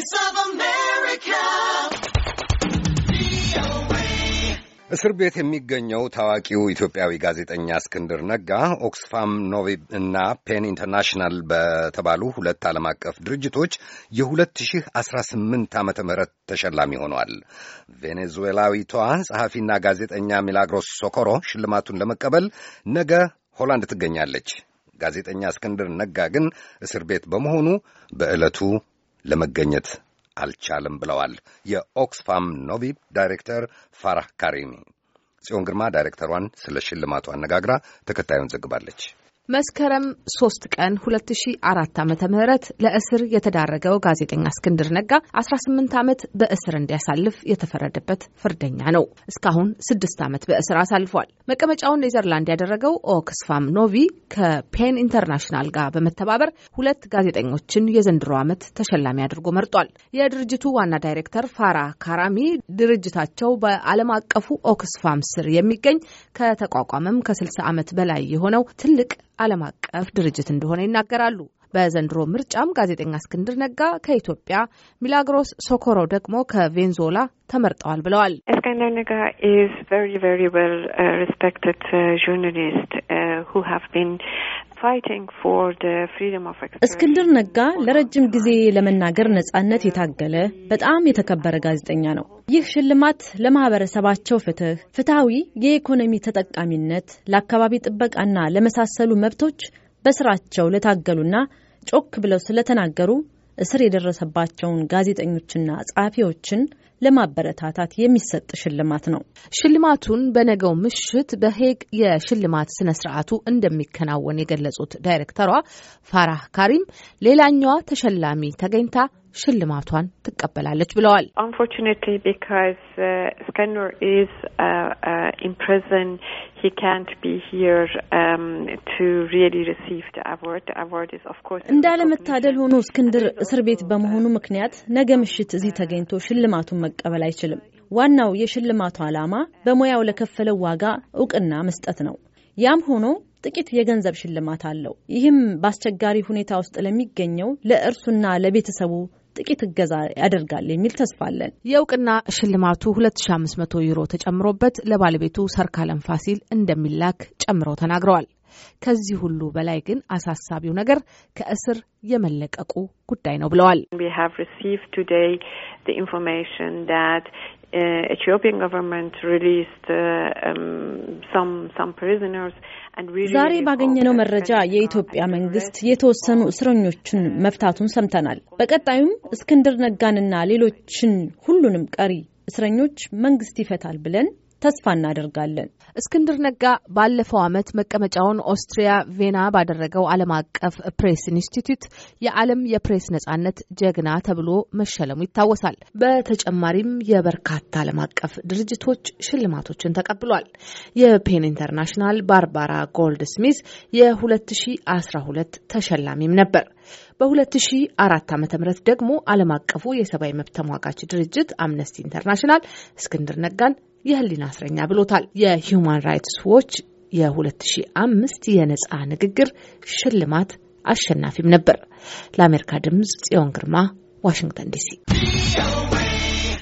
Voice of America. እስር ቤት የሚገኘው ታዋቂው ኢትዮጵያዊ ጋዜጠኛ እስክንድር ነጋ ኦክስፋም ኖቪ እና ፔን ኢንተርናሽናል በተባሉ ሁለት ዓለም አቀፍ ድርጅቶች የ2018 ዓ ም ተሸላሚ ሆኗል። ቬኔዙዌላዊቷ ጸሐፊና ጋዜጠኛ ሚላግሮስ ሶኮሮ ሽልማቱን ለመቀበል ነገ ሆላንድ ትገኛለች። ጋዜጠኛ እስክንድር ነጋ ግን እስር ቤት በመሆኑ በዕለቱ ለመገኘት አልቻለም ብለዋል የኦክስፋም ኖቪ ዳይሬክተር ፋራህ ካሪሚ። ጽዮን ግርማ ዳይሬክተሯን ስለ ሽልማቱ አነጋግራ ተከታዩን ዘግባለች። መስከረም ሶስት ቀን ሁለት ሺ አራት ምህረት ለእስር የተዳረገው ጋዜጠኛ እስክንድር ነጋ አስራ ስምንት ዓመት በእስር እንዲያሳልፍ የተፈረደበት ፍርደኛ ነው። እስካሁን ስድስት ዓመት በእስር አሳልፏል። መቀመጫውን ኔዘርላንድ ያደረገው ኦክስፋም ኖቪ ከፔን ኢንተርናሽናል ጋር በመተባበር ሁለት ጋዜጠኞችን የዘንድሮ ዓመት ተሸላሚ አድርጎ መርጧል። የድርጅቱ ዋና ዳይሬክተር ፋራ ካራሚ ድርጅታቸው በዓለም አቀፉ ኦክስፋም ስር የሚገኝ ከተቋቋመም ከ60 ዓመት በላይ የሆነው ትልቅ ዓለም አቀፍ ድርጅት እንደሆነ ይናገራሉ። በዘንድሮ ምርጫም ጋዜጠኛ እስክንድር ነጋ ከኢትዮጵያ፣ ሚላግሮስ ሶኮሮ ደግሞ ከቬንዙዌላ ተመርጠዋል ብለዋል። እስክንድር ነጋ ኢዝ ቨሪ ቨሪ ዌል ሪስፔክትድ ጆርናሊስት እስክንድር ነጋ ለረጅም ጊዜ ለመናገር ነጻነት የታገለ በጣም የተከበረ ጋዜጠኛ ነው። ይህ ሽልማት ለማህበረሰባቸው ፍትህ፣ ፍትሐዊ የኢኮኖሚ ተጠቃሚነት፣ ለአካባቢ ጥበቃና ለመሳሰሉ መብቶች በስራቸው ለታገሉና ጮክ ብለው ስለተናገሩ እስር የደረሰባቸውን ጋዜጠኞችና ጸሐፊዎችን ለማበረታታት የሚሰጥ ሽልማት ነው። ሽልማቱን በነገው ምሽት በሄግ የሽልማት ስነ ስርዓቱ እንደሚከናወን የገለጹት ዳይሬክተሯ ፋራህ ካሪም ሌላኛዋ ተሸላሚ ተገኝታ ሽልማቷን ትቀበላለች ብለዋል። እንዳለመታደል ሆኖ እስክንድር እስር ቤት በመሆኑ ምክንያት ነገ ምሽት እዚህ ተገኝቶ ሽልማቱን መቀበል አይችልም። ዋናው የሽልማቱ ዓላማ በሙያው ለከፈለው ዋጋ እውቅና መስጠት ነው። ያም ሆኖ ጥቂት የገንዘብ ሽልማት አለው። ይህም በአስቸጋሪ ሁኔታ ውስጥ ለሚገኘው ለእርሱና ለቤተሰቡ ጥቂት እገዛ ያደርጋል የሚል ተስፋ አለን። የእውቅና ሽልማቱ 2500 ዩሮ ተጨምሮበት ለባለቤቱ ሰርካለም ፋሲል እንደሚላክ ጨምረው ተናግረዋል። ከዚህ ሁሉ በላይ ግን አሳሳቢው ነገር ከእስር የመለቀቁ ጉዳይ ነው ብለዋል። ዛሬ ባገኘነው መረጃ የኢትዮጵያ መንግስት የተወሰኑ እስረኞችን መፍታቱን ሰምተናል። በቀጣዩም እስክንድር ነጋንና ሌሎችን ሁሉንም ቀሪ እስረኞች መንግስት ይፈታል ብለን ተስፋ እናደርጋለን። እስክንድር ነጋ ባለፈው ዓመት መቀመጫውን ኦስትሪያ ቬና ባደረገው ዓለም አቀፍ ፕሬስ ኢንስቲትዩት የዓለም የፕሬስ ነጻነት ጀግና ተብሎ መሸለሙ ይታወሳል። በተጨማሪም የበርካታ ዓለም አቀፍ ድርጅቶች ሽልማቶችን ተቀብሏል። የፔን ኢንተርናሽናል ባርባራ ጎልድ ስሚዝ የ2012 ተሸላሚም ነበር። በ2004 ም ደግሞ ዓለም አቀፉ የሰብአዊ መብት ተሟጋች ድርጅት አምነስቲ ኢንተርናሽናል እስክንድር ነጋን የህሊና እስረኛ ብሎታል። የሂዩማን ራይትስ ዎች የ2005 የነጻ ንግግር ሽልማት አሸናፊም ነበር። ለአሜሪካ ድምፅ ጽዮን ግርማ ዋሽንግተን ዲሲ